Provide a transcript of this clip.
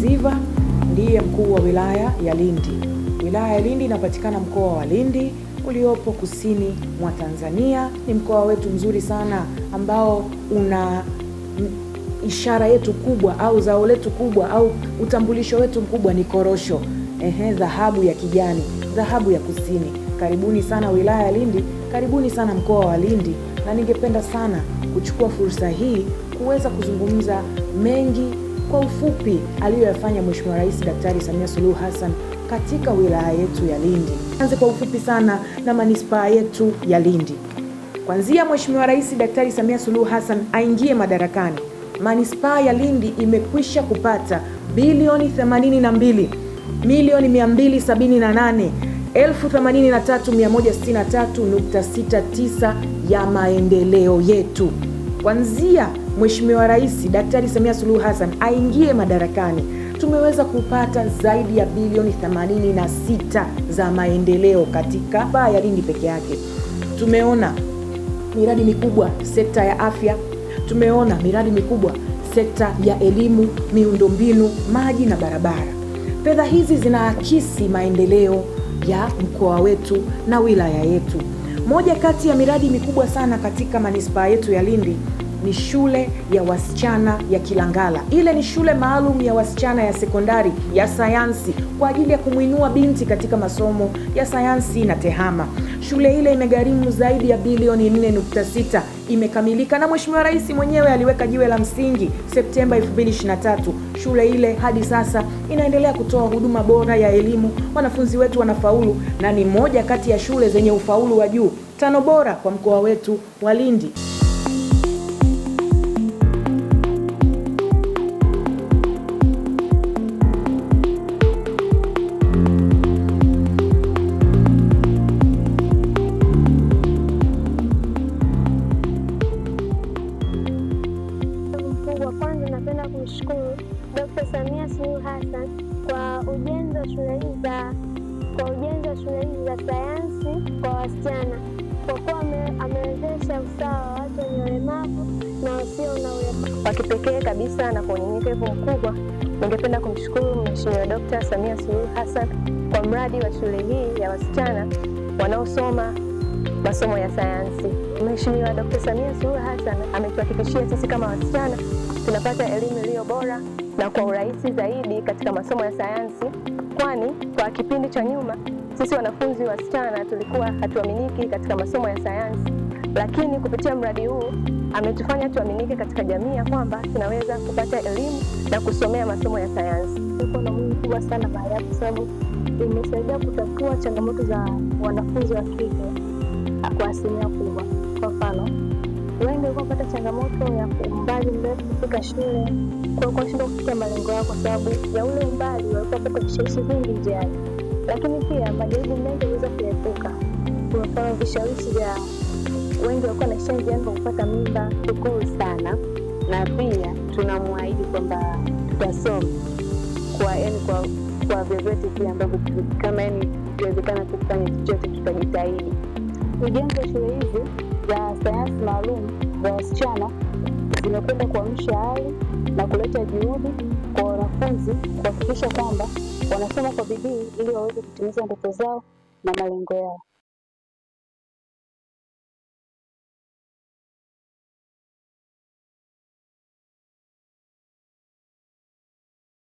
Ziva ndiye mkuu wa wilaya ya Lindi. Wilaya ya Lindi inapatikana mkoa wa Lindi uliopo kusini mwa Tanzania. Ni mkoa wetu mzuri sana ambao una ishara yetu kubwa au zao letu kubwa au utambulisho wetu mkubwa ni korosho. Ehe, dhahabu ya kijani, dhahabu ya kusini. Karibuni sana wilaya ya Lindi, karibuni sana mkoa wa Lindi, na ningependa sana kuchukua fursa hii kuweza kuzungumza mengi kwa ufupi aliyoyafanya Mheshimiwa Rais Daktari Samia Suluhu Hassan katika wilaya yetu ya Lindi. Anze kwa ufupi sana na manispaa yetu ya Lindi. Kwanzia mweshimiwa Rais Daktari Samia Suluhu Hassan aingie madarakani, manispaa ya Lindi imekwisha kupata bilioni 82 milioni 278 83163.69 ya maendeleo yetu kwanzia Mheshimiwa Rais Daktari Samia Suluhu Hassan aingie madarakani, tumeweza kupata zaidi ya bilioni 86 za maendeleo katika baa ya Lindi peke yake. Tumeona miradi mikubwa sekta ya afya, tumeona miradi mikubwa sekta ya elimu, miundombinu, maji na barabara. Fedha hizi zinaakisi maendeleo ya mkoa wetu na wilaya yetu. Moja kati ya miradi mikubwa sana katika manispaa yetu ya Lindi ni shule ya wasichana ya Kilangala. Ile ni shule maalum ya wasichana ya sekondari ya sayansi kwa ajili ya kumwinua binti katika masomo ya sayansi na tehama. Shule ile imegharimu zaidi ya bilioni 4.6 imekamilika na Mheshimiwa Rais mwenyewe aliweka jiwe la msingi Septemba 2023. Shule ile hadi sasa inaendelea kutoa huduma bora ya elimu, wanafunzi wetu wanafaulu na ni moja kati ya shule zenye ufaulu wa juu tano bora kwa mkoa wetu wa Lindi. Suluhu Hassan kwa ujenzi wa shule hizi za kwa ujenzi wa shule hizi za sayansi kwa wasichana kwa kuwa amewezesha usawa wa watu wenye ulemavu na wasio na ulemavu. Kwa kipekee kabisa na kwa unyenyekevu mkubwa, ningependa kumshukuru Mheshimiwa Dkt. Samia Suluhu Hassan kwa mradi wa shule hii ya wasichana wanaosoma masomo ya sayansi. Mheshimiwa Dkt. Samia Suluhu Hassan ametuhakikishia sisi kama wasichana tunapata elimu iliyo bora na kwa urahisi zaidi katika masomo ya sayansi, kwani kwa kipindi cha nyuma sisi wanafunzi wasichana tulikuwa hatuaminiki katika masomo ya sayansi, lakini kupitia mradi huu ametufanya tuaminike katika jamii ya kwamba tunaweza kupata elimu na kusomea masomo ya sayansi. Iko na umuhimu mkubwa sana baada kwa sababu imesaidia kutatua changamoto za wanafunzi wa kike kwa asilimia kubwa wengi walikuwa wanapata changamoto ya umbali mrefu kufika shule, kwa kuwashindwa kufika malengo yao kwa sababu ya ule umbali, walikuwa wanapata vishawishi vingi njiani. Lakini pia majaribu mengi waliweza kuepuka, kwa mfano vishawishi vya wengi walikuwa wanaishia njiani kwa kupata mimba. Shukuru sana, na pia tunamwahidi kwamba tutasoma kwa yani kwa kwa vyovyote vile ambavyo kama yani ikiwezekana kufanya chochote tutajitahidi ujenzi wa shule hizi za sayansi maalum za wasichana zimekwenda kuamsha hali na kuleta juhudi kwa wanafunzi kuhakikisha kwamba wanasoma kwa bidii ili waweze kutimiza ndoto zao na malengo yao.